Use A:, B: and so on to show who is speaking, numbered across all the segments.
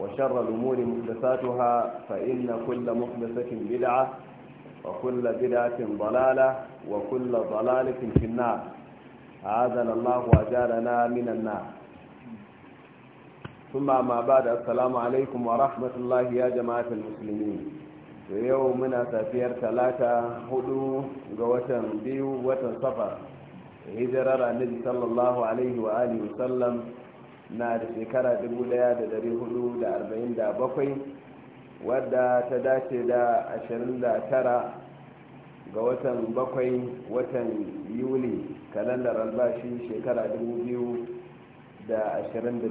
A: وشر الأمور محدثاتها فإن كل محدثة بدعة وكل بدعة ضلالة وكل ضلالة في النار عاذنا الله أجالنا من النار ثم ما بعد السلام عليكم ورحمة الله يا جماعة المسلمين يومنا سفير ثلاثة هدو قوة بيو وتنصفر هجرر النبي صلى الله عليه وآله وسلم na da shekara 1447 wadda ta dace da 29 ga watan bakwai watan yuli kalandar albashi shekara da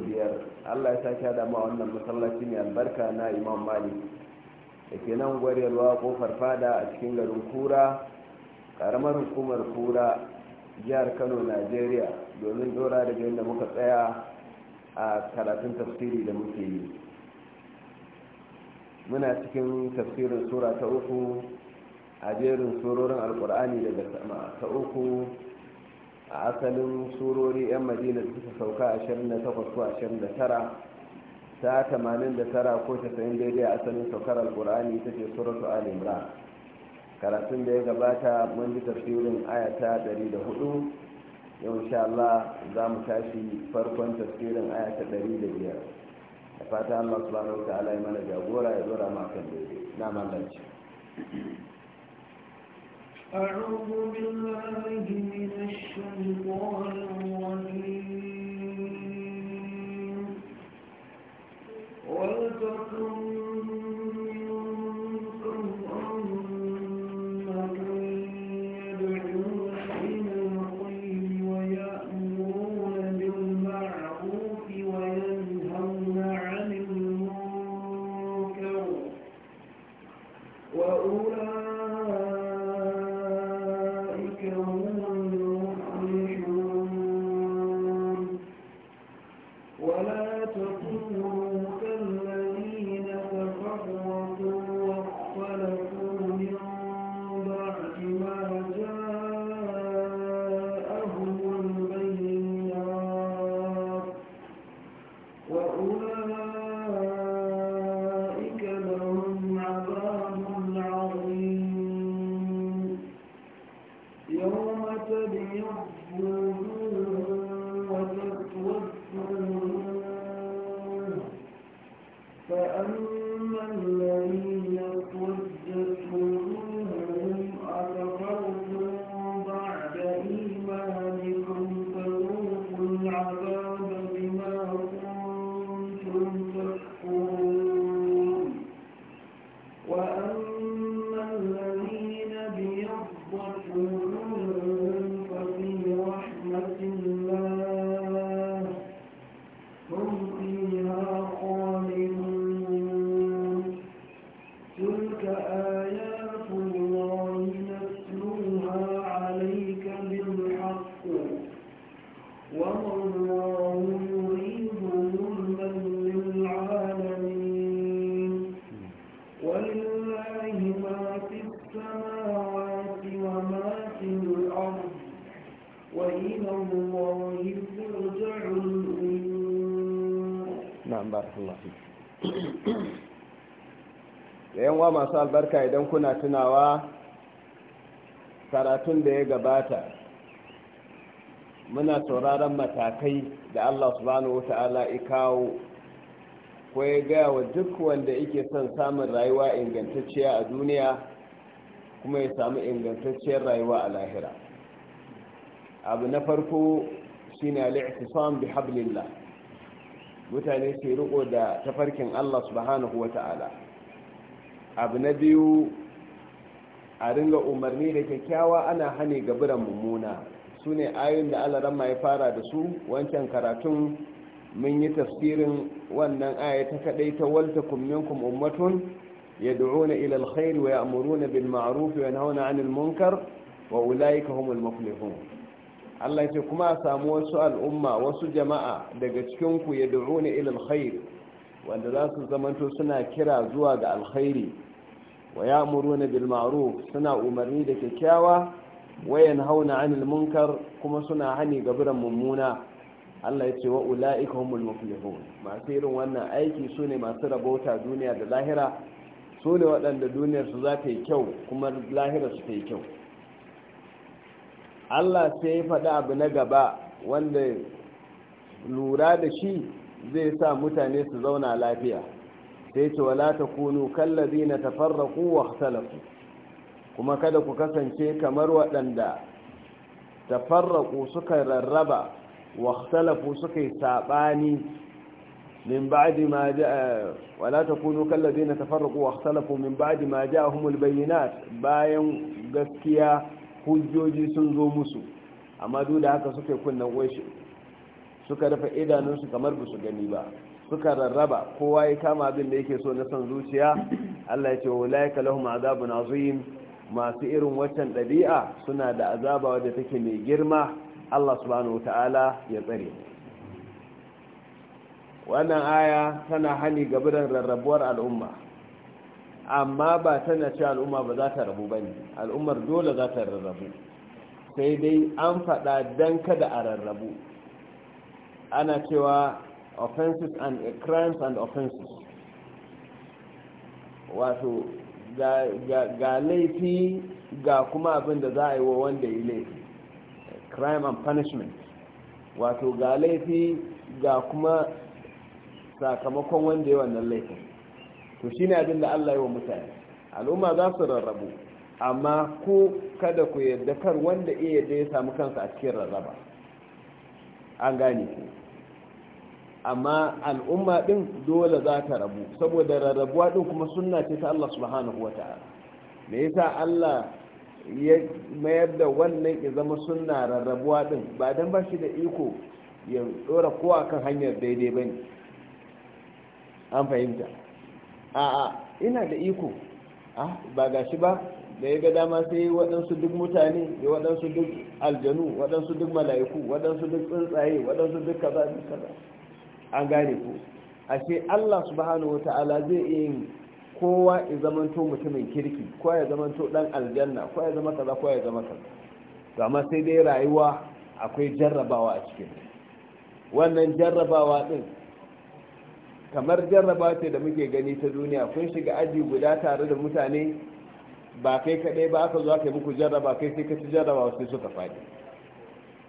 A: biyar. allah ya sake dama wannan masallaci albarka na imam mali. da ke nan gwarewa kofar fada a cikin garin kura karamar hukumar kura jihar kano nigeria domin dora daga inda muka tsaya a karatun tafsiri da muke yi
B: muna cikin tafsirin sura ta uku
A: a jerin surorin alkur'ani daga sama ta uku a asalin surori 'yan madina suka sauka 28 ko 29 ta 89 ko 90 daidai a asalin saukar alkur'ani ta ce suratu al-imran karatun da ya gabata mun ji tafsirin ayata 104 yau sha Allah za mu tashi farkon tafsirin ayata ɗari da biyar da fata Allah su wa ta'ala ya mana jagora ya zora ma kan daidai na mallaci
B: أعوذ بالله من الشيطان الرجيم ولتكن فأما
A: albarka idan kuna tunawa karatun da ya gabata muna sauraron matakai da allah subhanahu Ta'ala kawo ko ya gaya wa duk wanda yake son samun rayuwa ingantacciya a duniya kuma ya samu ingantacciyar rayuwa a lahira abu na farko shine al'i'tisam bi hablillah mutane su riko da tafarkin allah subhanahu Ta'ala. abu na biyu a ringa umarni da kyakkyawa ana hane gaburan mummuna su ne ayoyin da alaran ya fara da su wancan karatun mun yi tafsirin wannan aya ta kadai ta walta kumminkum ummatun yad'una ila alkhair wa ya'muruna bil ma'ruf wa yanhauna 'anil munkar wa ulaika humul muflihun Allah ce kuma a samu wasu al'umma wasu jama'a daga cikin ku yad'una ila alkhair wanda za su zamanto suna kira zuwa ga alkhairi wa ya bil bilmaru suna umarni da kyakkyawa wayan hauna 'anil munkar kuma suna hani ga biran mummuna Allah ya ce wa ula'ika humul muflihun masu irin wannan aiki sune masu rabota duniya da lahira su ne waɗanda duniyar su za ta yi kyau kuma lahira su ta yi kyau Allah sai ya faɗi abu na gaba wanda lura da shi zai sa mutane su zauna lafiya sai ce wala wa kuma kada ku kasance kamar waɗanda tafarraku suka rarraba wa ikhtalafu suka yi min ba'di ma ja'a wala takunu kallazina tafarraqu wa ikhtalafu min ma ja'ahumul bayyinat bayan gaskiya hujjoji sun zo musu amma duk da haka suka kunna kunnan suka rufe idanunsu kamar ba su gani ba suka rarraba kowa ya kama abin da yake so na son zuciya Allah ya ce wa laika lahum azabun azim masu irin waccan ɗabi'a suna da azaba wadda take mai girma Allah subhanahu wata'ala ya tsare wannan aya tana hani ga biran rarrabuwar al'umma amma ba tana ce al'umma ba za ta rabu ba ne al'ummar dole za ta rarrabu sai dai an faɗa don kada a rarrabu ana cewa offenses and eh, crimes and offenses wato ga laifi ga kuma abin da za a yi wa wanda yi laifi crime and punishment wato ga laifi ga kuma sakamakon wanda yi wannan laifin to shi ne abin da allah yi wa mutane al'umma za su rarrabu amma ku kada ku yarda kar wanda iya da ya samu kansa a cikin rarraba an gane ku amma al'umma din dole za ta rabu saboda rarrabuwa din kuma sunna ce ta Allah subhanahu wa ta'ala me yasa Allah ya mayar da wannan ya zama sunna rarrabuwa din ba dan ba shi da iko ya dora kowa kan hanyar daidai bane an fahimta a'a ina da iko ah ba gashi ba da ya ga dama sai waɗansu duk mutane da waɗansu duk aljanu waɗansu duk mala'iku waɗansu duk tsuntsaye waɗansu duk kaza duk kaza an gane ku ashe Allah subhanahu wata'ala zai iya yin kowa ya zamanto mutumin kirki kowa ya zamanto dan aljanna kowa ya zama kaza kowa ya zama kaza to amma sai dai rayuwa akwai jarrabawa a cikin wannan jarrabawa din kamar jarraba ce da muke gani ta duniya kun shiga aji guda tare da mutane ba kai kaɗai ba aka zo aka muku jarraba kai sai ka ci jarraba sai suka faɗi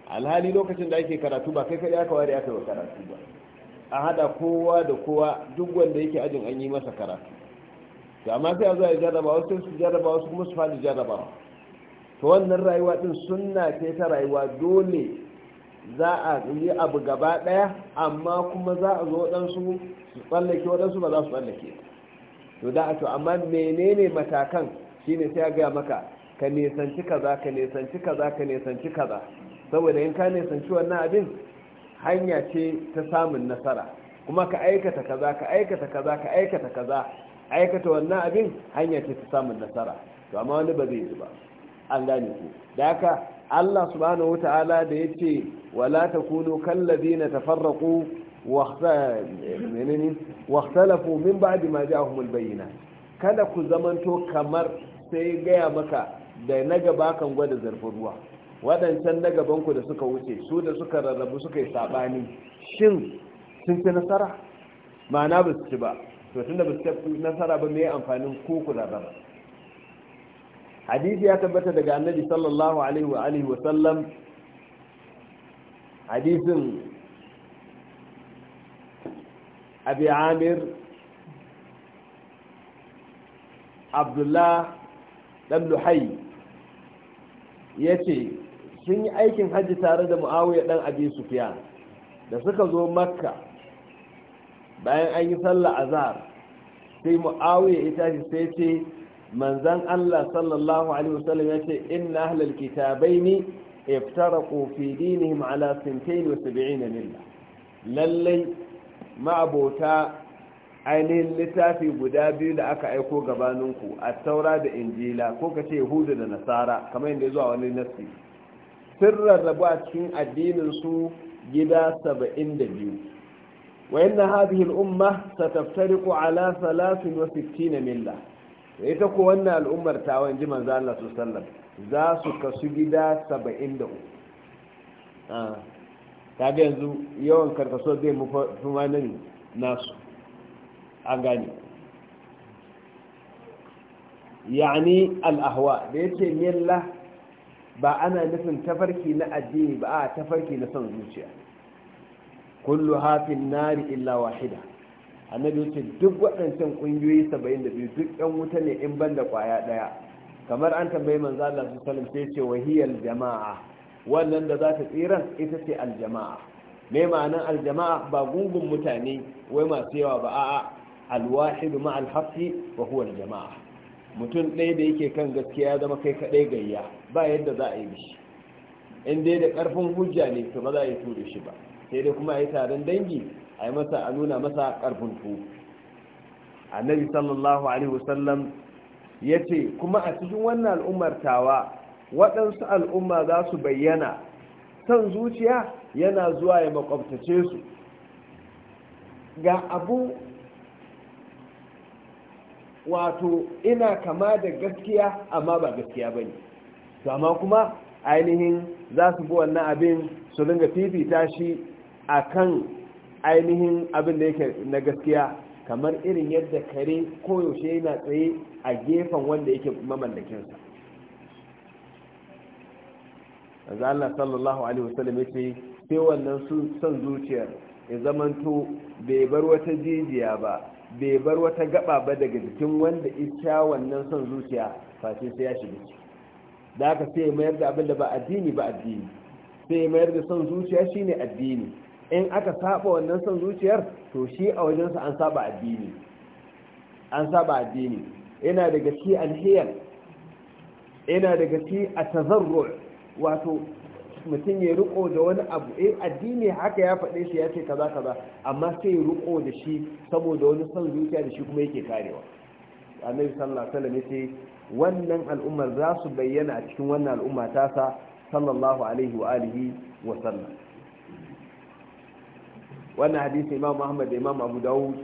A: alhali lokacin da ake karatu ba kai kaɗai aka ware aka yi karatu ba a hada kowa da kowa duk wanda yake ajin an yi masa karatu to amma sai a zuwa ya jarraba wasu su jarraba wasu kuma su fadi jarrabawa to wannan rayuwa din sunna ce ta rayuwa dole za a yi abu gaba ɗaya, amma kuma za a zo waɗansu su tsallake waɗansu ba za su tsallake to da to amma menene matakan shine sai a gaya maka ka nesanci kaza ka nesanci kaza ka nesanci kaza saboda in ka nisanci wannan abin hanya ce ta samun nasara kuma ka aikata kaza ka aikata kaza ka aikata kaza aikata wannan abin hanya ce ta samun nasara to amma wani ba zai yi ba an gane ku da haka Allah subhanahu wata'ala da yace wala takunu kallazina tafarraqu wa ikhtalafu min ba'di ma ja'ahumul bayyinat kada ku zamanto kamar sai gaya maka da na gaba kan gwada zarfin ruwa waɗancan na gabanku da suka wuce su da suka rarrabu suka yi saɓani shin sun ci nasara ma'ana ba su ci ba to tunda ba su ci nasara ba mai amfanin ku ku rarraba hadisi ya tabbata daga annabi sallallahu alaihi wa alihi wa sallam hadisin abi amir abdullah dan luhai ya ce sun yi aikin hajji tare da mu'awiyar dan abi sufiyan da suka zo makka bayan an yi sallah azhar sai mu'awiyar ya tashi sai ce manzan Allah sallallahu alaihi wasallam ya ce inna ahlal kitabaini iftaraqu fi dinihim ala 72 milla lallai ma'abota ainihin littafi guda biyu da aka aiko gabaninku a taura da injila ko ka ce yahudu da nasara kamar yadda ya zuwa wani nasi sun rarrabu a cikin addinin su gida saba'in da biyu wa hadihin umma ta ku ala salasin wa sittina milla ita ko wannan al'ummar ta wani jiman za Allah su sallar za su kasu gida saba'in da ta ah, yanzu yawan karkaso zai mafi manin nasu an gani Ya'ani al'ahwa da ya ce milla ba ana nufin tafarki na addini ba a tafarki na son zuciya kullu hafin nari illa wahida annabi yace duk waɗancan ƙungiyoyi 72 duk ɗan wuta ne in banda ƙwaya ɗaya kamar an tambayi manzo Allah su sallam sai ce wahiyal jama'a wannan da za ta tsiran ita ce aljama'a me ma'anan aljama'a ba gungun mutane wai masu yawa ba a'a ma alhaqqi wa huwa aljama'a mutum ɗaya da yake kan gaskiya zama kai kaɗai gayya ba yadda za a yi shi. in dai da ƙarfin hujja ne to ba za a yi tura shi ba sai dai kuma a yi taron dangi a yi masa a nuna masa ƙarfin ku. annabi sallallahu alaihi wasallam ya ce kuma a cikin wannan al'ummar tawa waɗansu al'umma za su bayyana son zuciya yana zuwa ya makwabtace su ga abu wato ina kama da gaskiya amma ba gaskiya bane to amma kuma ainihin za su bi wannan abin su ringa fifita shi kan ainihin abin da yake na gaskiya kamar irin yadda kare koyaushe yana tsaye a gefen wanda yake mamallakinsa za Allah sallallahu alaihi wasallam yace sai wannan su son zuciyar ya zamanto bai bar wata jijiya ba bai bar wata gaba ba daga jikin wanda isha wannan son zuciya face sai ya shiga ciki da aka sai mayar da abin da ba addini ba addini sai mayar da son zuciya shine addini in aka saba wannan son zuciyar to shi a wajensa an saba addini an saba addini yana daga ci alhiyar yana daga ci a tazarru wato mutum ya riko da wani abu eh addini haka ya faɗe shi ya ce kaza kaza amma sai ya riko da shi saboda wani son zuciya da shi kuma yake karewa annabi sallallahu alaihi wasallam yace wannan al'ummar za su bayyana a cikin wannan al'umma tasa sallallahu alaihi wa alihi wa sallam wannan hadisi imam Muhammad da imam Abu Dawud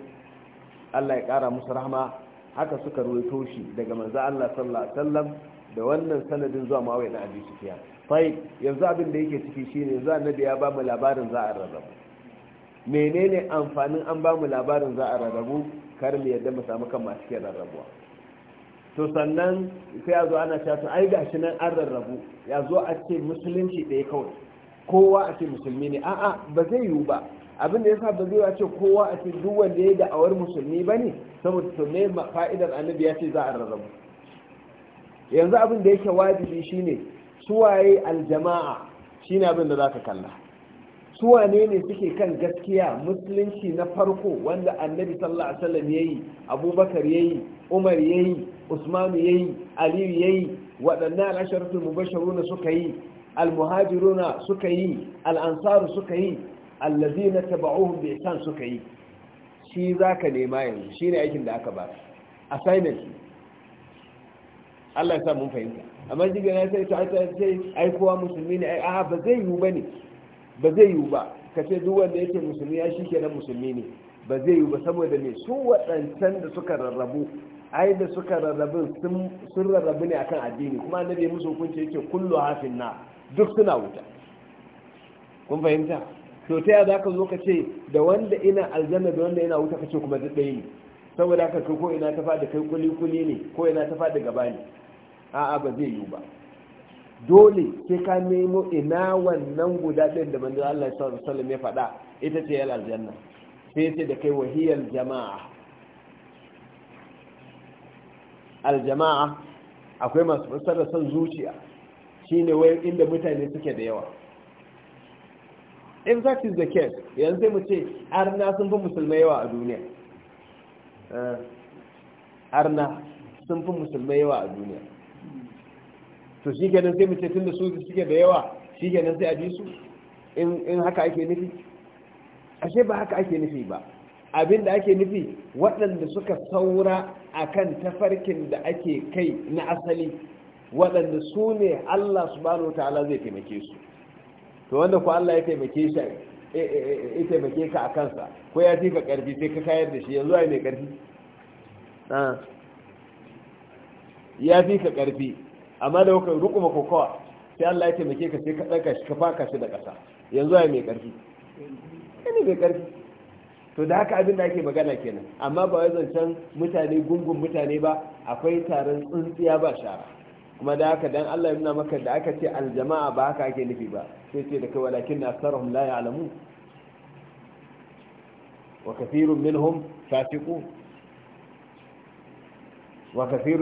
A: Allah ya kara musu rahma haka suka ruwaito shi daga manzo Allah sallallahu alaihi wasallam da wannan sanadin zuwa mawai na Abi Sufyan fai yanzu abin da yake ciki shine yanzu annabi ya ba mu labarin za a rarrabu menene amfanin an ba mu labarin za a rarrabu kar mu yadda mu samu kan masu ke rarrabuwa to sannan sai ya zo ana cewa ai gashi nan an rarrabu ya zo a ce musulunci ɗaya kawai kowa a ce musulmi ne a'a ba zai yiwu ba abin da yasa ba zai yiwu a ce kowa a ce duk wanda ya awar musulmi ba ne saboda to me fa'idar annabi ya ce za a rarrabu yanzu abin da yake wajibi shine suwaye aljama'a shine abin da zaka kalla suwane ne suke kan gaskiya musulunci na farko wanda annabi sallallahu alaihi wasallam yayi abubakar yayi umar yayi usmanu yayi aliyu yayi waɗannan al'asharatul mubashiruna suka yi almuhajiruna suka yi al'ansaru suka yi allazina taba'uhum bi ihsan suka yi shi zaka nema yanzu shine aikin da aka ba assignment Allah ya sa mun fahimta amma jiga na sai ta ta sai ai kowa musulmi ne ai a ba zai yiwu bane ba zai yiwu ba kace duk wanda yake musulmi ya shi kenan musulmi ne ba zai yiwu ba saboda me su wadancan da suka rarrabu ai da suka rarrabu sun rarrabu ne akan addini kuma annabi musu hukunci yake kullu hafin na duk suna wuta kun fahimta to ta za ka zo ka ce da wanda ina aljanna da wanda ina wuta ka ce kuma duk ɗaya ne saboda haka ko ina ta faɗi kai kuli kuli ne ko ina ta faɗi gaba ne a'a ba zai yiwu ba dole sai ka nemo ina wannan guda ɗin da manzo Allah sallallahu alaihi ya faɗa ita ce yal aljanna sai ce da kai wahiyal jama'a aljama'a akwai masu fassara son zuciya shine wai inda mutane suke da yawa in fact is the case yanzu mu ce arna sun fi musulmai yawa a duniya eh, arna sun fi musulmai yawa a duniya to shi kenan sai mu ce tun da su suke da yawa shi kenan sai a bi su in haka ake nufi ashe ba haka ake nufi ba abin da ake nufi waɗanda suka saura a kan tafarkin da ake kai na asali waɗanda su ne Allah su wa ta'ala zai taimake su to wanda ku Allah ya taimake shi eh, eh, eh, ya taimake ka a kansa ko ya fi ka ƙarfi sai ka kayar da shi yanzu ai mai ƙarfi ah. ya fi ka ƙarfi amma da kuka rukuma kokawa sai Allah ya taimake ka sai ka ɗaga shi ka da ƙasa yanzu ai mai ƙarfi ne mai ƙarfi to da haka abin da ake magana kenan amma ba wai zancen mutane gungun mutane ba akwai taron tsintsiya ba shara kuma da haka dan Allah ya nuna maka da aka ce aljama'a ba haka ake nufi ba sai ce da kai walakin nasarhum la alamu wa kathirun minhum fasiqun وكثير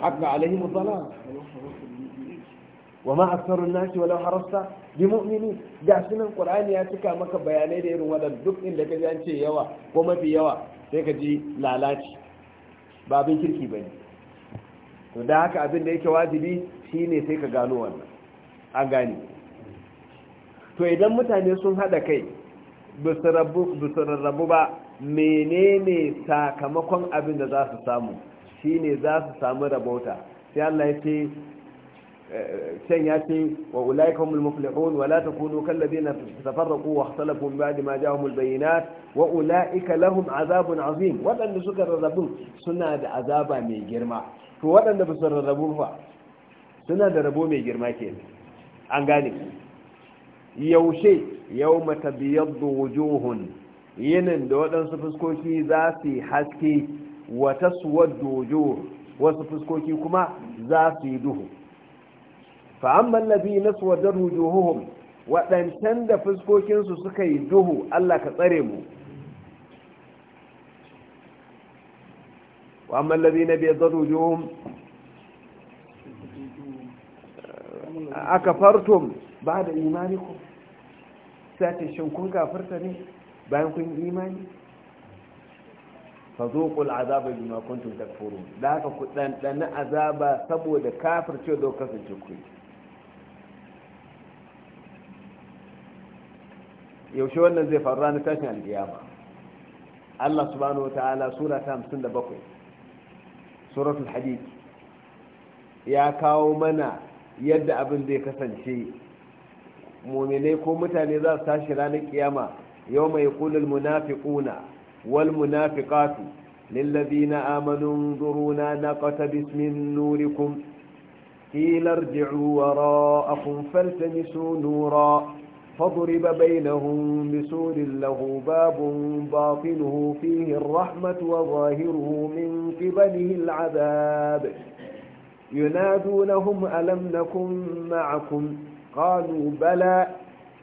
A: حق عليهم الضلال وما أكثر الناس ولو حرصت بمؤمنين da sunan Qur'ani ya cika maka bayanai da irin wadan duk inda ka an ce yawa ko mafi yawa sai ka ji lalaci ba kirki bane to da haka abin da yake wajibi shine sai ka gano wannan an gane to idan mutane sun haɗa kai bu rarrabu ba menene sakamakon abin da za su samu shi ne za su samu rabauta sai Allah ya ce can ya ce wa ulaikum almuflihun wa la takunu kal ladina tafarraqu wa ikhtalafu min ba'di ma ja'ahum albayinat wa ulaika lahum azabun azim wadanda suka rarrabu suna da azaba mai girma to wadanda ba su rarrabu ba suna da rabo mai girma ke an gane yaushe yawma tabyaddu wujuhun yinin da waɗansu fuskoki za su yi haske wata suwar dojo wasu fuskoki kuma za su yi duhu fa'amman labi na suwadar wujuhuhum waɗancan da fuskokinsu suka yi duhu Allah ka tsare mu wa'amman labi na biyar wujuhum aka fartum ba da imaniku sashen kun kafarta ne bayan kun imani fa zuqul azaba bima kuntum takfurun da haka ku dan azaba saboda kafirce da kasance ku yaushe wannan zai faru ranar tashin alƙiyama? Allah subhanahu ta'ala sura ta hamsin da bakwai suratul hadid ya kawo mana yadda abin zai kasance muminai ko mutane za su tashi ranar kiyama يوم يقول المنافقون والمنافقات للذين آمنوا انظرونا نقتبس من نوركم قيل ارجعوا وراءكم فالتمسوا نورا فضرب بينهم بسور له باب باطنه فيه الرحمة وظاهره من قبله العذاب ينادونهم ألم نكن معكم قالوا بلى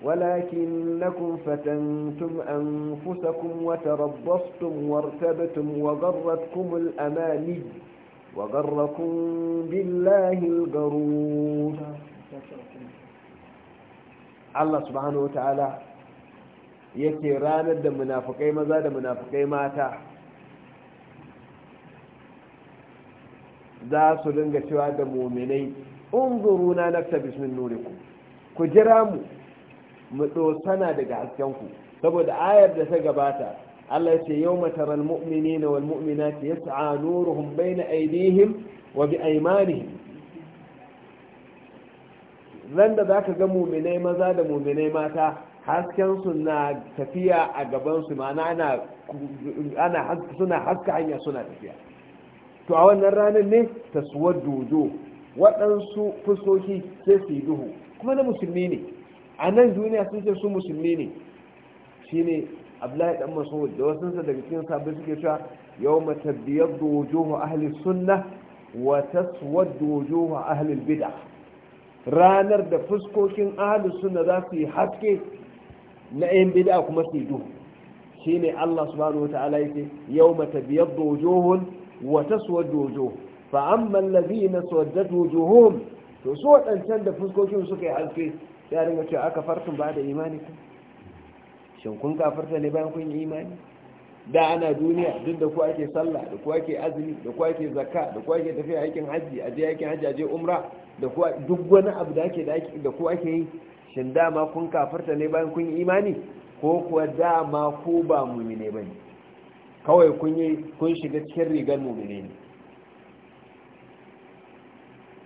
A: ولكنكم فتنتم أنفسكم وتربصتم وارتبتم وغرتكم الأماني وغركم بالله الغرور Allah subhanahu wata'ala yake ranar da munafukai maza da munafukai mata za su dinga cewa da muminai unzuruna nafta bismin ku jira mu mu dosana daga ku. saboda ayar da ta gabata Allah ce yau mataral na wal mu'minati yas'a nuruhum bayna aydihim wa bi aymanihim ran da zaka ga mu'minai maza da mu'minai mata haskensu na tafiya a gabansu, mana ana suna haska hanya suna tafiya to a wannan ranar ne dojo, waɗansu fuskoki sai su yi duhu kuma na musulmi ne a nan duniya sun ce su musulmi ne Shi ne abdullahi dan mas'ud da wasu sa daga cikin sabbin suke cewa biyar dojo wujuhu ahli sunnah wa taswaddu wa ahli bida ranar da fuskokin ahli sunna za su yi haske na yan bid'a kuma su yi duhu ne Allah subhanahu yau mata biyar tabyaddu wujuhun wa taswaddu wujuh fa amma alladhina swaddat dojo. to su wadancan da fuskokin suka yi haske sai a dinga cewa aka fartun ba da imani ku shin kun kafarta ne bayan kun yi imani da ana duniya duk da ku ake sallah da ku ake azumi da ku ake zakka da ku ake tafiya aikin hajji a je aikin hajji a je umra da ku duk wani abu da ake da ku ake yi shin dama kun kafarta ne bayan kun yi imani ko kuwa dama ko ba mumine bane kawai kun yi kun shiga cikin rigar mumine ne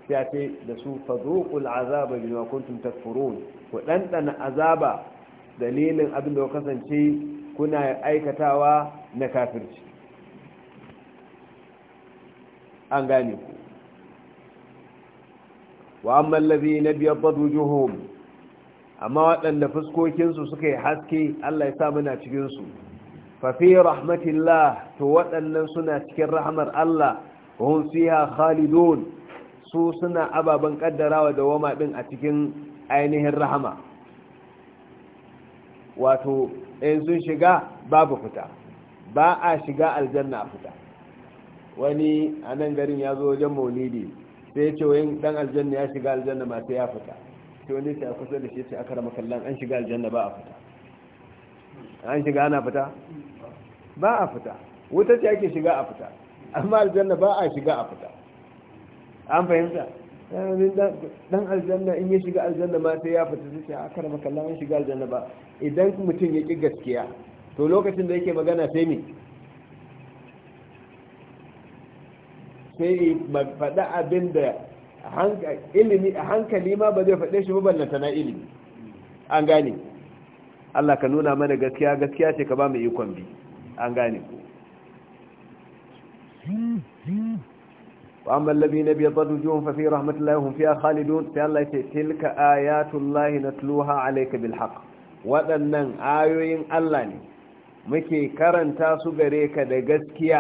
A: sai ce da su fadhuqul azaba bima kuntum ku dandana azaba dalilin abin da kasance kuna aikatawa na kafirci an gane ku wa amma biyar biyaddad wujuhum amma waɗanda fuskokinsu suka yi haske Allah ya sa muna cikinsu fafi rahmatillah to waɗannan suna cikin rahmar Allah Hunsiha fiha khalidun su suna ababen kaddarawa da wama din a cikin ainihin rahama wato in sun shiga babu fita ba a shiga aljanna a fita wani a nan garin ya zo wajen maulidi sai ce wayin dan aljanna ya shiga aljanna masu ya fita sai wani a kusa da shi ce aka rama kallon an shiga aljanna ba a fita an shiga ana fita ba a fita wuta ce ake shiga a fita amma aljanna ba a shiga a fita an fahimta eh, dan aljanna in ya shiga aljanna ma sai ya fita zuci a kar makalla an shiga aljanna ba idan mutum ya ƙi gaskiya to lokacin da yake magana sai me sai faɗa abin da ilimi a hankali ma ba zai faɗe shi ba ballanta na ilimi an gane Allah ka nuna mana gaskiya gaskiya ce ka ba mu ikon bi an gane ku وأما الذين ابيضت وجوههم ففي رحمة الله هم فيها خالدون في الله تلك آيات الله نتلوها عليك بالحق وأنن آيوين الله muke karanta su gare ka da gaskiya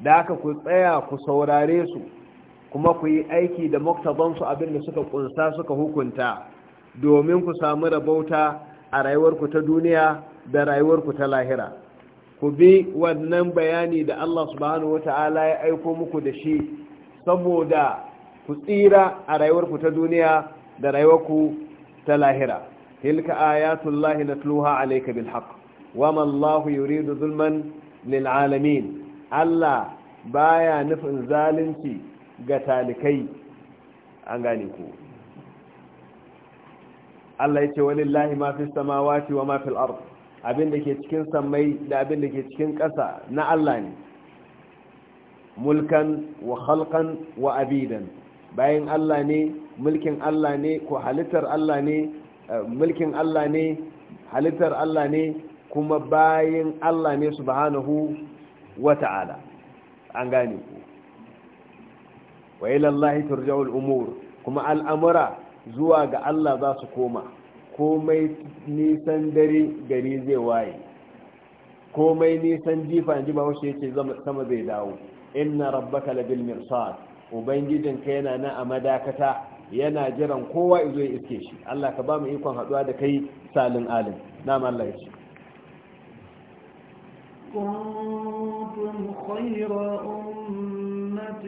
A: da aka ku tsaya ku saurare su kuma ku yi aiki da maktabansu abin da suka kunsa suka hukunta domin ku samu rabauta a rayuwarku ta duniya da rayuwarku ta lahira ku bi wannan bayani da Allah subhanahu wata'ala ya aiko muku da shi saboda ku tsira a rayuwarku ta duniya da rayuwarku ta lahira tilka ayatul lahi natluha alayka bil haqq wama Allah yuridu zulman lil alamin Allah baya nufin zalunci ga talikai an gane ku Allah yace walillahi ma fis samawati wa ma fil ardh abin da ke cikin sammai da abin da ke cikin ƙasa na Allah ne mulkan wa khalqan wa abidan bayan Allah ne mulkin Allah ne ko halittar Allah ne eh, mulkin Allah ne halittar Allah ne kuma bayan Allah ne subhanahu wa ta'ala an gane ku wa ila Allah turja'ul umur kuma al'amura zuwa ga Allah za su koma komai nisan dare gari zai waye komai nisan jifa in ji ba wasu yake sama zai dawo inna rabbaka labil mirsad ka yana na a madakata yana jiran kowa izo ya iske shi Allah ka ba mu ikon haduwa da kai salin alim na'am Allah
B: ya ce كنتم خير أمة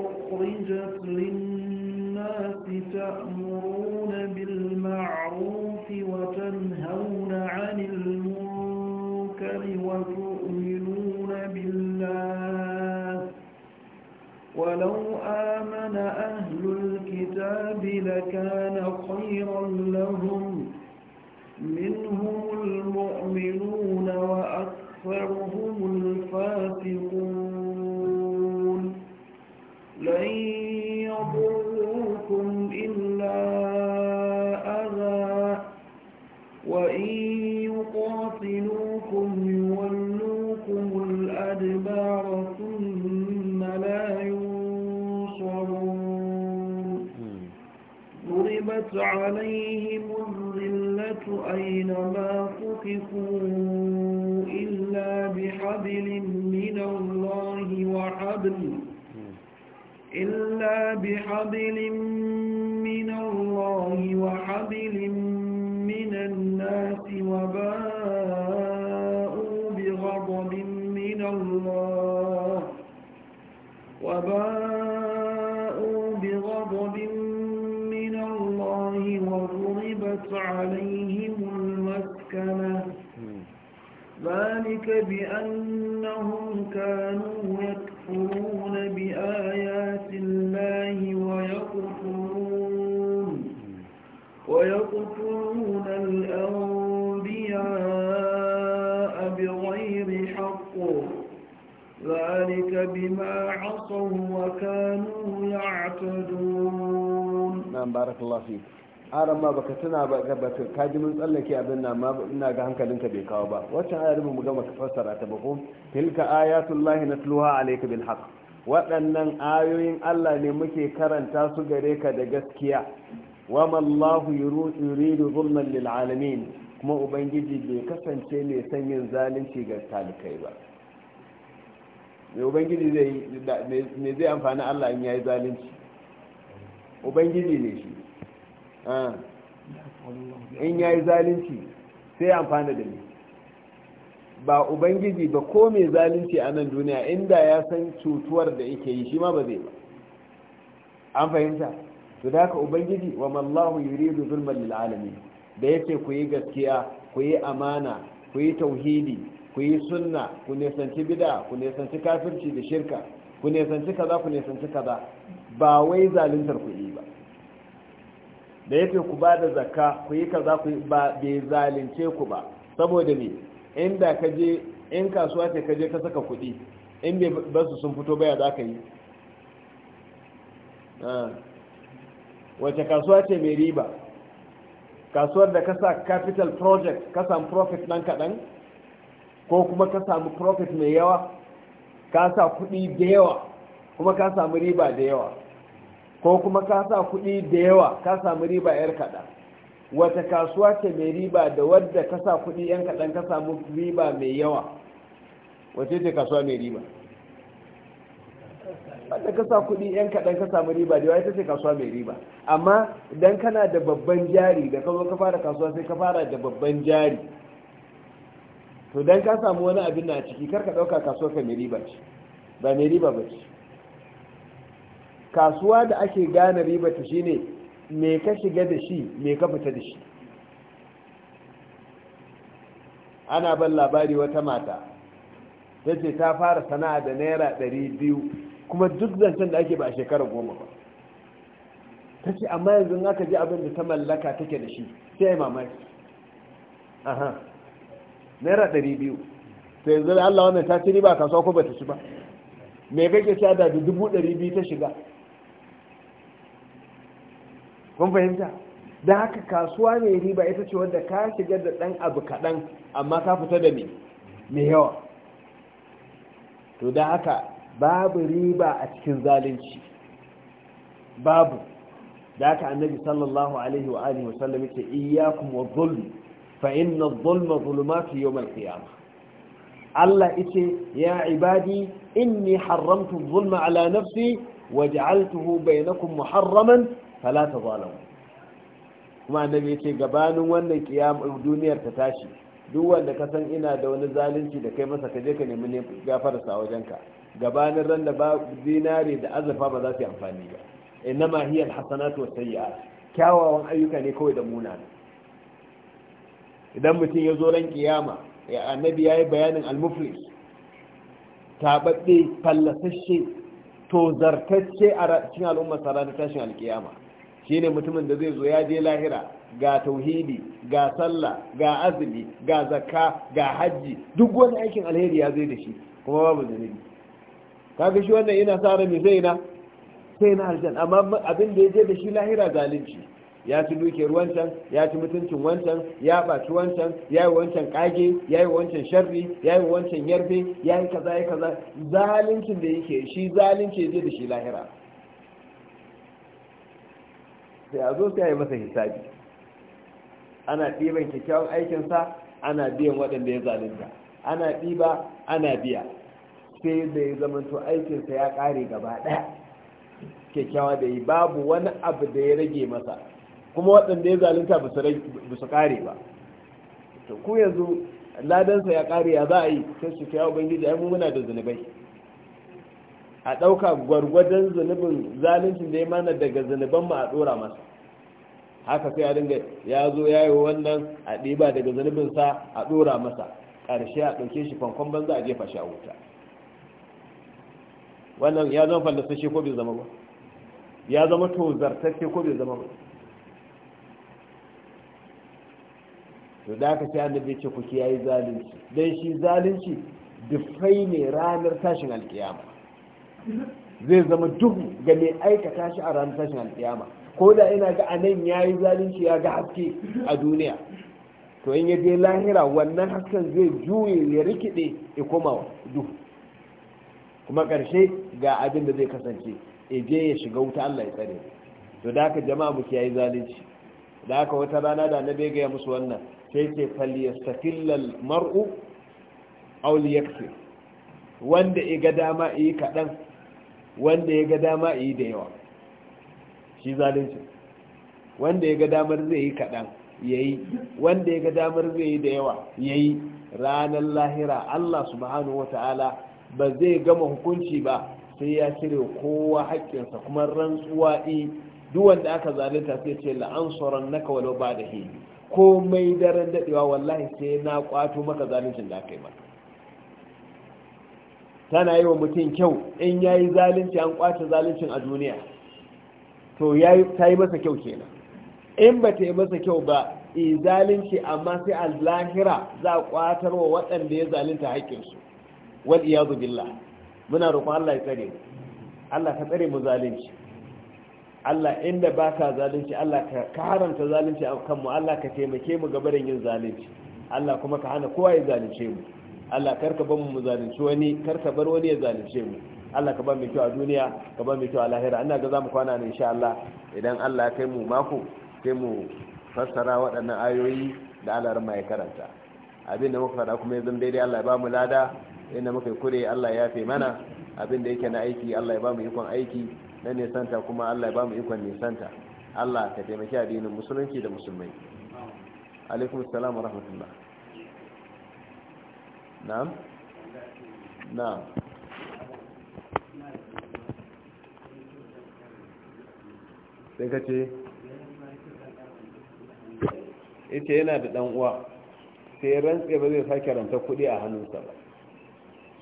B: أخرجت للناس تأمرون بالمعروف وتنهون عن المنكر وتؤمنون بالله ولو آمن أهل الكتاب لكان خيرا لهم منهم المؤمنون وأكثرهم الفاسقون الأدبار ثم لا ينصرون ضربت عليهم الذلة أينما فكفوا إلا بحبل من الله وحبل إلا بحبل من الله وحبل ذلك بأنهم كانوا يكفرون بآيات الله ويقتلون ويقتلون الأنبياء بغير حق ذلك بما عصوا وكانوا يعتدون
A: نعم بارك الله فيك aran ma baka tana ba ga kaji mun tsallake abin nan ma ina ga hankalinka bai kawo ba wacce ayar mu ga maka fassara ta ba ko tilka ayatullahi natluha alayka bil haqq waɗannan ayoyin Allah ne muke karanta su gare ka da gaskiya wa Allah yuridu zulman lil alamin kuma ubangiji bai kasance mai son yin zalunci ga talikai ba mai ubangiji zai me zai amfani Allah in yayi zalunci ubangiji ne shi Ah. in ya yi zalunci sai amfana da ni ba ubangiji ba ko mai zalunci a nan duniya inda ya san cutuwar da yake yi shi ma ba zai ba an fahimta su da ubangiji wa mallahu yuridu zulman lil alamin da yace ku yi gaskiya ku yi amana ku yi tauhidi ku yi sunna ku nisanci bid'a ku nisanci kafirci da shirka ku nisanci kaza ku nisanci kaza ba wai zaluntar ku yi da yake ku ba da zakka ku yi kaza ku ba bai zalunce ku ba saboda me inda ka je in kasuwa ce ka je ka saka kuɗi in bai basu sun fito baya za ka yi ah. wace kasuwa ce mai riba kasuwar da ka sa capital project ka samu profit nan kaɗan ko kuma ka samu profit mai yawa ka sa kuɗi da yawa kuma ka samu riba da yawa ko kuma ka sa kuɗi da yawa ka samu riba yar kaɗan wata kasuwa ce mai riba da wadda ka sa kuɗi yan kaɗan ka samu riba mai yawa wace ce kasuwa mai riba wadda ka sa kuɗi yan kaɗan ka samu riba da yawa ita ce kasuwa mai riba amma idan kana da babban jari da ka zo ka fara kasuwa sai ka fara da babban jari to dan ka samu wani abin na ciki kar ka ɗauka kasuwa ka mai riba ce ba mai riba ba ce kasuwa da ake gane ribata shine me ka shiga da shi me ka fita da shi ana ban labari wata mata ta ce ta fara sana'a da naira biyu kuma duk zancen da ake ba a shekara goma ba ta ce amma yanzu aka ji abin da ta mallaka take da shi sai ya mamaki aha naira biyu. sai yanzu Allah wannan ta ci riba kasuwa ko ba ta ci ba me kake sha da biyu ta shiga kun fahimta da haka kasuwa mai riba ita ce wadda ka shigar da ɗan abu kaɗan amma ka fita da me mai yawa to da haka babu riba a cikin zalunci babu da haka annabi sallallahu alaihi wa alihi wa sallam yake iyyakum wa fa inna adh-dhulma dhulumatu yawm al-qiyamah Allah yace ya ibadi inni harramtu zulma ala nafsi waj'altuhu bainakum muharraman fala ta zalamu kuma annabi ya ce gabanin wannan kiyamar duniyar ta tashi duk wanda ka san ina da wani zalunci da kai masa ka je ka nemi wajen ka. gabanin ran da ba da azurfa ba za su yi amfani ba innama hiya alhasanatu wasayyi'at kyawawan ayyuka ne kawai da muna idan mutum ya zo ran kiyama ya yi bayanin almuflis tabadde fallasashe to zartacce a cikin al'ummar sa tashin alkiyama Shi ne mutumin da zai zo ya je lahira ga tauhidi ga sallah ga azumi ga zakka ga hajji duk wani aikin alheri ya zai da shi kuma babu zunubi kaga shi wannan ina sa mai zai na sai na aljan amma abin da ya je da shi lahira zalunci ya ci dukiyar wancan ya ci mutuncin wancan ya baci wancan ya yi wancan kage ya yi wancan sharri ya yi wancan yarfe ya yi kaza ya kaza zaluncin da yake shi zalunci ya je da shi lahira sai a zo sai a yi masa hisabi ana ɗiban kyakkyawan aikinsa ana biyan waɗanda ya zalunta ana ɗiba ana biya sai da ya zamanto aikinsa ya ƙare gaba ɗaya kyakkyawa da yi babu wani abu da ya rage masa kuma waɗanda ya zalunta ba su ƙare ba to ku yanzu ladansa ya ƙare ya za a yi sai su kyawa ubangiji ai mu muna da zunubai a ɗauka gwargwadon zunubin zalincin da ya mana daga zunuban mu a ɗora masa haka sai a dinga ya zo ya yi wannan a ɗiba daga zunubinsa a ɗora masa ƙarshe a ɗauke shi fankon banza a jefa shi a wuta wannan ya zama fallasashe ko bai zama ba ya zama zartacce ko bai zama ba to da aka sai annabi ce ku kiyaye zalunci dan shi zalunci dufai ne ranar tashin alkiyama zai zama duk ga mai aikata shi a ranar tashin alkiyama ko da ina ga anan ya yi zalunci ya ga haske a duniya to in ya je lahira wannan hasken zai juye ya rikide ya koma duhu kuma ƙarshe ga abin da zai kasance ya je ya shiga wuta Allah ya tsare to da haka jama'a muke yayi zalunci da haka wata rana da na gaya musu wannan sai ce falyastafillal mar'u aw liyakfi wanda ya dama yi kaɗan wanda ya ga dama yi da yawa shi zalunci wanda ya ga damar zai yi kaɗan yayi wanda ya ga damar zai yi da yawa yayi ranar lahira Allah subhanahu Ta'ala ba zai gama hukunci ba sai ya cire kowa haƙƙinsa kuma rantsuwa ɗi Duwanda wanda aka zalunta sai ce la'an tsoron na kawalo ba da hini komai daren daɗewa wallahi sai na kwato maka zaluncin da aka yi maka tana yi wa mutum kyau in ya yi zalunci an kwace zaluncin a duniya to ta yi masa kyau kenan in ba ta yi masa kyau ba i zalunci amma sai a lahira za a kwatar wa waɗanda ya zalunta haƙƙinsu wal iyazu billah muna roƙon Allah ya tsare Allah ka tsare mu zalunci Allah inda baka zalunci Allah ka haramta zalunci a kanmu Allah ka taimake mu gabarin yin zalunci Allah kuma ka hana kowa ya zalunce mu Allah karka bar mu mu zalunci wani karka bar wani ya zalunce mu Allah ka ba mu kyau a duniya ka ba mu kyau a lahira ina ga zamu kwana ne insha Allah idan Allah ya kai mu mako kai mu fassara waɗannan ayoyi da Allah rama ya karanta abin da muka faɗa kuma yanzu daidai Allah ya ba mu lada inda muka kure Allah ya fe mana abin da yake na aiki Allah ya ba mu ikon aiki na nisanta kuma Allah ya ba mu ikon nisanta Allah ka taimaki addinin musulunci da musulmai alaikum assalam wa rahmatullah نعم نعم sai ka ce ita yana da dan uwa sai rantse ba zai sake ranta kudi a hannunsa ba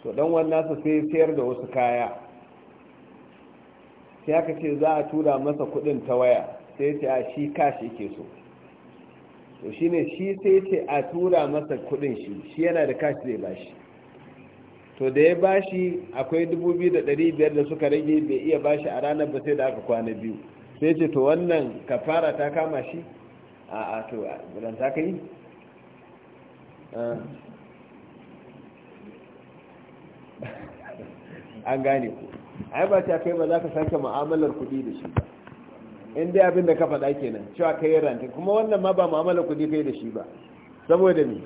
A: so dan wannan su sai sayar da wasu kaya sai aka ce za a tura masa kudin ta waya sai ta shi kashi ke so to shi ne shi sai ce a tura masa kudin shi shi yana da kashi zai bashi to da ya bashi akwai 2,500 da suka rage bai iya bashi a ranar ba sai da aka kwana biyu sai ce to wannan kafara ta kama shi a to bulan ta kai ah. an gane ku ai ba ta kai ba za ka sake mu'amalar kudi da shi ba in dai abin da ka faɗa kenan cewa ka yi rantin kuma wannan ma ba mu'amala kuɗi kai da shi ba saboda me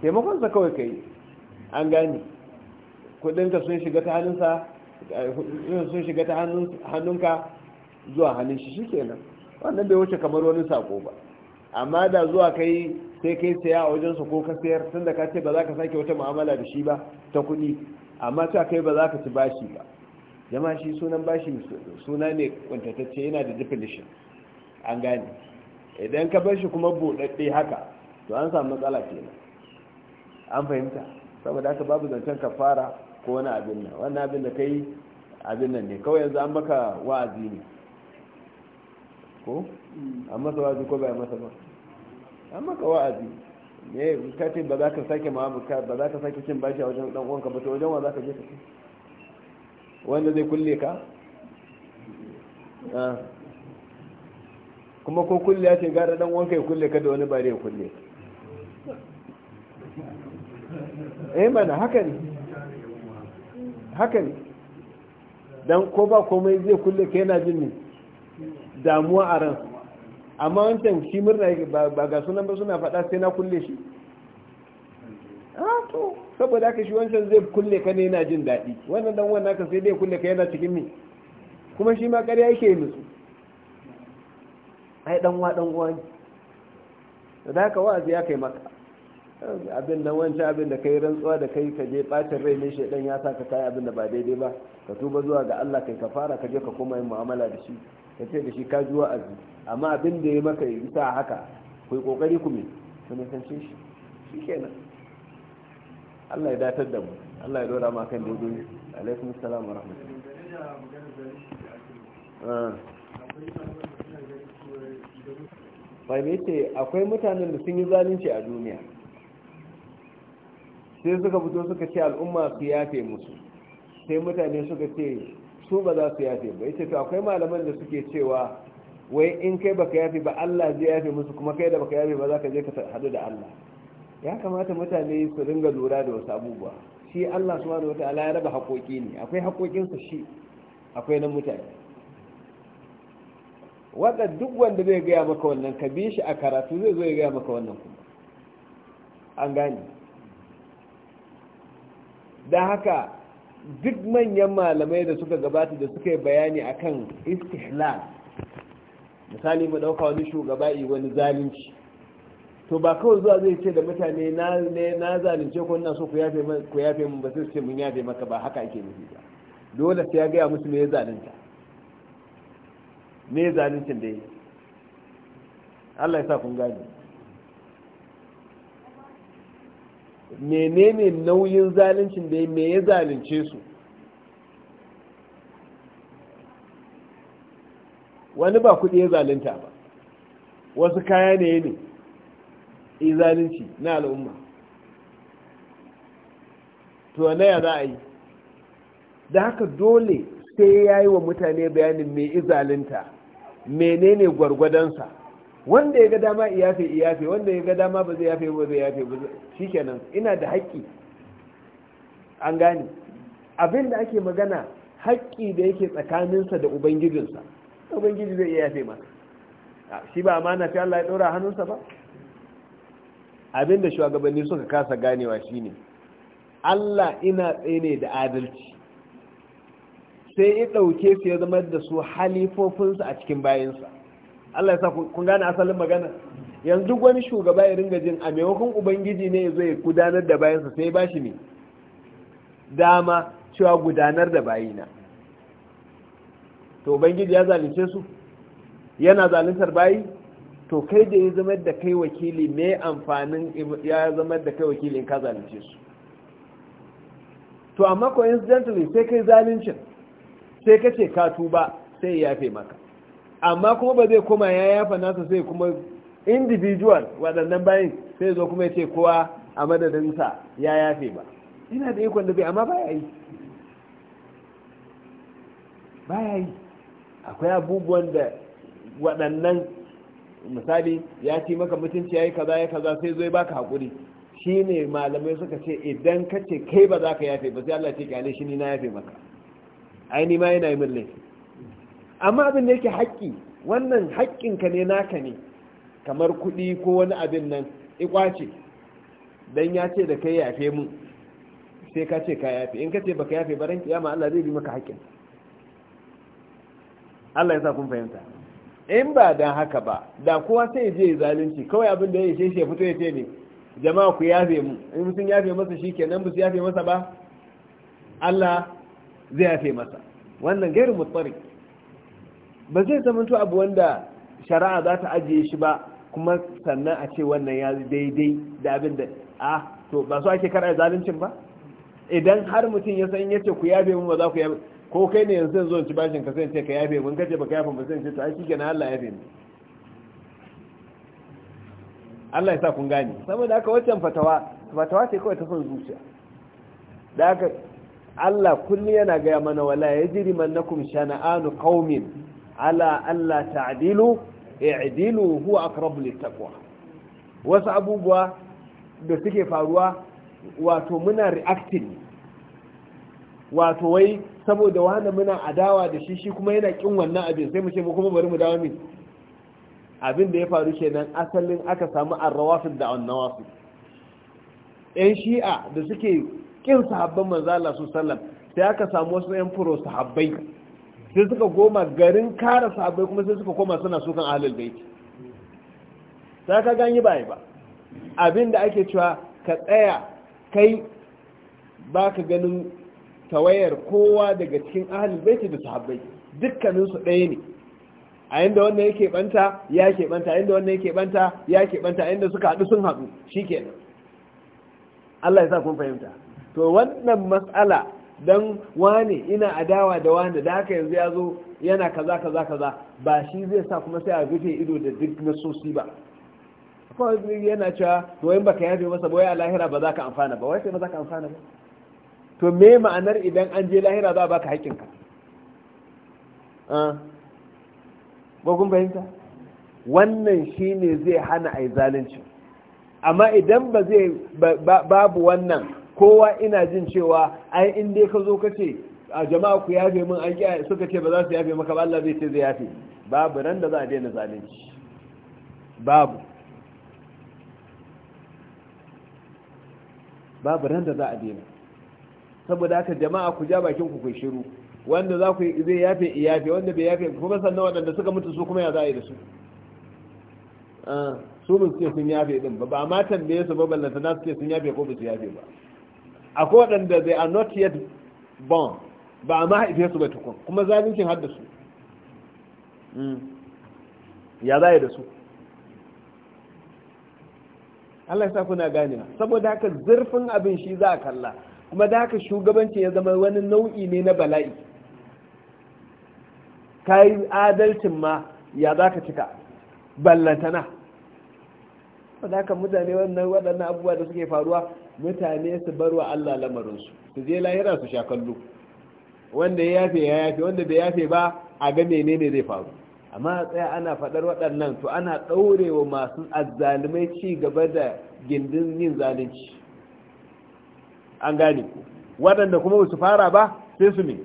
A: taimakonsa kawai ka yi an gane kuɗinka sun shiga ta hannunsa eh, sun shiga ta hannunka zuwa hannun shi shikenan wannan bai wuce kamar wani sako ba amma da zuwa kai sai kai saya a wajensa ko ka sayar tun da ka ce ba za ka sake wata mu'amala da shi ba ta kuɗi amma cewa kai ba za ka ci bashi ba jama shi sunan bashi suna ne kwantatacce yana da definition an gane idan ka bashi kuma buɗaɗɗe haka to an samu matsala kenan an fahimta saboda haka babu zancen ka fara ko wani abin nan wannan abin da kai abin nan ne kawai yanzu an maka wa'azi ne ko an masa wa'azi ko bai masa ba an maka wa'azi ne ka ce ba za ka sake ma ba za ka sake cin bashi a wajen dan uwanka ba to wajen wa za ka je ka ci wanda zai kulle ka ah. kuma ko kulle ya ce gara dan wanka ya kulle ka da wani bare ya kulle
B: eh mana haka ne
A: haka ne dan ko ba komai zai kulle ka yana jin ne damuwa a ran amma wancan shi murna ba ga sunan ba suna faɗa sai na kulle shi Ah, to saboda haka shi wancan zai kulle ka ne yana jin daɗi wannan dan wannan ka sai dai kulle ka yana cikin mi kuma shi ma ƙarya yake yi musu ai ɗanwa ɗanwa ne da haka wa'azi ya kai maka abin da wancan abin da kai rantsuwa da kai ka je ɓacin rai ne shaidan ya sa ka kai abin da ba daidai ba ka tuba zuwa ga Allah kai ka fara ka je ka koma yin mu'amala da shi ka ce da shi ka ji wa'azi amma abin da ya maka yi sa haka ku yi kokari ku me ku san shi kenan Allah ya datar da mu Allah ya dora ma kan daidai alaikum assalam wa rahmatullahi ba ne ce akwai mutanen da sun yi zalunci a duniya sai suka fito suka ce al'umma su yafe musu sai mutane suka ce su ba za su yafe ba yace to akwai malaman da suke cewa wai in kai baka yafe ba Allah zai yafe musu kuma kai da baka yafe ba za ka je ka hadu da Allah ya kamata mutane su ringa lura da wasu abubuwa shi Allah su wata ala ya raba haƙoƙi ne akwai haƙoƙinsa shi akwai na mutane wadda duk wanda zai gaya maka wannan ka bi shi a karatu zai zo ya gaya maka wannan kuma an gane da haka duk manyan malamai da suka gabata da suka yi bayani akan istihlal misali mu ɗauka wani shugaba wani zalunci to ba kawai zuwa zai ce da mutane na zalunce ko na so ku yafe ku mun ba sai ce mun yafe maka ba haka ake nufi ba dole sai ya gaya musu me zalunta me zaluncin da yi Allah ya sa kun gane menene nauyin zaluncin da yi me ya zalunce su wani ba kuɗi ya zalunta ba wasu kaya ne ne izalinci eh, na al'umma to na ya za a yi da haka dole sai ya yi wa mutane bayanin mai izalinta menene gwargwadonsa wanda ya ga dama iyafe iyafe wanda ya ga dama ba zai yafe ba zai yafe ba kenan ina da haƙƙi an gane abin da ake magana haƙƙi da yake tsakaninsa da ubangijinsa ubangiji zai iya yafe masa shi ba amana sai Allah ya ɗora hannunsa ba Abin abinda shugabanni suka kasa ganewa shine Allah ina tsene da adalci sai ya ɗauke su ya zama da su halifofinsa a cikin bayansa Allah ya sa kun gane asalin magana yanzu wani shugaba ya ringa jin a maimakon ubangiji ne zai gudanar da bayansa sai ba shi ne dama cewa gudanar da bayina to ubangiji ya zalunce su yana zaluntar bayi to kai da ya zama da kai wakili mai amfanin ya zama da kai wakili in ka zalunce su to amma coincidentally sai kai zaluncin sai ka ce ka tuba sai ya yafe maka amma kuma ba zai koma ya yafa nasa sai kuma individual waɗannan bayan sai zo kuma ya ce kowa a madadinsa ya yafe ba ina da ikon da bai amma baya yi baya yi akwai abubuwan da waɗannan misali ya ci maka mutunci ya yi kaza ya kaza sai zai baka haƙuri shi ne malamai suka ce idan ka ce kai ba za ka yafe ba sai Allah ce kyale shi ni na yafe maka aini ma yana yi min laifi amma abin da yake haƙƙi wannan ka ne naka ne kamar kuɗi ko wani abin nan ikwace dan ya ce da kai yafe mun sai ka ce ka yafe in ka ce baka yafe ba ya ma Allah zai bi maka haƙƙin Allah ya sa kun fahimta in ba don haka ba da kowa sai ya je zalunci kawai abin da ya ishe shi ya fito ya ce ne jama'a ku yafe mu in sun yafe masa shi kenan ba su yafe masa ba Allah zai yafe masa wannan gairu mutsari ba zai zamanto abu wanda shari'a za ta ajiye shi ba kuma sannan a ce wannan ya daidai da abin da a to ba su ake kara zaluncin ba idan har mutum ya san yace ku yafe mu ba za ku yafe ko kai ne yanzu zan zo ci bashin ka sai ce ka yafe mun kace baka yafe ba sai ce to ai na Allah yafe ni Allah ya sa kun gane saboda haka wancan fatawa fatawa ce kawai ta son zuciya da haka Allah kulli yana gaya mana wala yajri mannakum shana'anu qaumin ala alla ta'dilu i'dilu huwa aqrabu littaqwa wasu abubuwa da suke faruwa wato muna reacting wato wai saboda wani muna adawa da shi shi kuma yana kin wannan abin sai mu ce mu kuma bari mu dawo min abin da ya faru kenan asalin aka samu arrawafin da annawafi yan shi'a da suke kin sahabban manzo Allah su sallam sai aka samu wasu yan furo sahabbai sai suka goma garin kara sahabbai kuma sai suka koma suna sukan ahlul bait sai ka gani bai ba abin da ake cewa ka tsaya kai baka ganin tawayar kowa daga cikin ahalin baiti da sahabbai dukkaninsu ɗaya ne a yadda wannan yake banta ya ke banta a yadda wannan yake banta ya ke banta a yadda suka haɗu sun haɗu shikenan Allah ya sa kun fahimta to wannan matsala dan wane ina adawa da wane da haka yanzu ya zo yana kaza kaza kaza ba shi zai sa kuma sai a rufe ido da duk nasosi ba kawai yana cewa to in baka yafe masa ba wai a lahira ba za ka amfana ba wai sai ba za ka amfana ba to me ma'anar idan an je lahira za a baka haƙƙinka ah. ko kun fahimta wannan shi ne zai hana a yi zalunci amma idan ba zai babu wannan kowa ina jin cewa ai in dai ka zo ka ce a jama'a ku yafe min an kiyaye suka ce ba za su yafe maka ba Allah zai ce zai yafe babu ran da za a daina zalunci babu babu ran da za a daina saboda haka jama'a ku ja bakin ku kai shiru wanda za ku zai yafe iyafe wanda bai yafe kuma sannan waɗanda suka mutu su kuma ya za a yi da su ah, su mun suke sun yafe din ba ba ma tambaye su ba ballanta na su ke sun yafe ko ba su yafe ba akwai waɗanda they are not yet born ba a ma haife su ba tukun kuma zalincin har da su hmm. ya za da su Allah ya sa kuna ganewa saboda haka zurfin abin shi za a kalla kuma da haka shugabanci ya zama wani nau'i ne na bala'i ka yi adalcin ma ya za ka cika ballantana da haka mutane wannan waɗannan abubuwa da suke faruwa mutane su bar wa Allah lamarinsu su je lahira su sha kallo wanda ya yafe ya yafe wanda bai yafe ba a ga menene zai faru amma a tsaya ana faɗar waɗannan to ana ɗaurewa masu azzalumai ci gaba da gindin yin zalunci an gane waɗanda kuma su fara ba sai su ne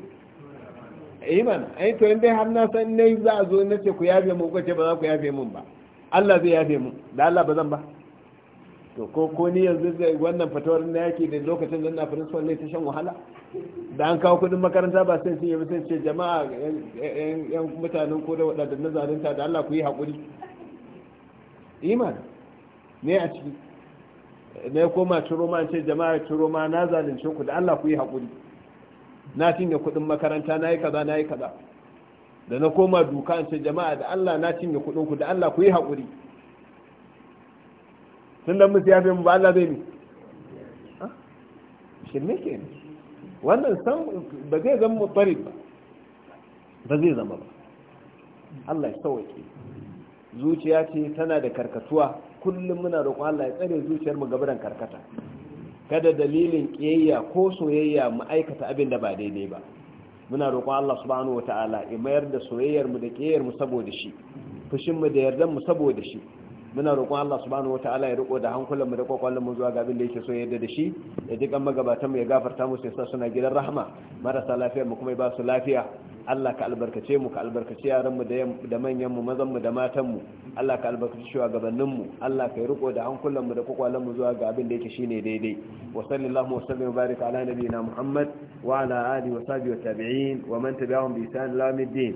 A: iman eh, ai eh, to indai har na san nai za a zo na ce ku yafe mu ce ba za ku yafe mun ba Allah zai yafe mu da Allah ba zan ba to ko ko ni yanzu zai wannan fatawar na yake da lokacin da na principal ne ta shan wahala da an kawo kudin makaranta ba sai sai sai ce jama'a yan mutanen ko da wadanda na zalunta da Allah ku yi hakuri iman eh, ne a ciki na koma turo ma ce jama'a turo ma na zalunce ku da Allah ku yi haƙuri na cinye kuɗin makaranta na yi kaza na yi kaza da na koma duka ce jama'a da Allah na cinye kuɗin ku da Allah ku yi haƙuri tun da musu ya fi mu ba Allah zai mi shirme ke ne wannan san ba zai zama mutsari ba ba zai zama ba Allah ya sauwaƙe zuciya ce tana da karkatuwa kullum muna roƙon Allah ya tsare zuciyar mu gabaran karkata kada dalilin kiyayya ko soyayya mu aikata abin da ba daidai ba muna roƙon Allah subhanahu wataala ya mayar da soyayyar mu da kiyayyar mu saboda shi fushin mu da yardan mu saboda shi muna roƙon Allah subhanahu wataala ya riko da hankulan mu da kwakwalen mu zuwa ga abin da yake so yadda da shi ya ji kan magabatan mu ya gafarta musu ya sa suna gidan rahama marasa lafiya mu kuma ya ba su lafiya Allah ka albarkace mu ka albarkace yaranmu da manyan mu mazan mu da matan mu Allah ka albarkace shugabannin mu Allah ka riko da hankulan mu da kwakwalen mu zuwa ga abin da yake shine daidai wa sallallahu wa sallam barik ala nabiyina Muhammad wa ala alihi wa sahbihi wa tabi'in wa man tabi'ahum bi ihsan ila yawmiddin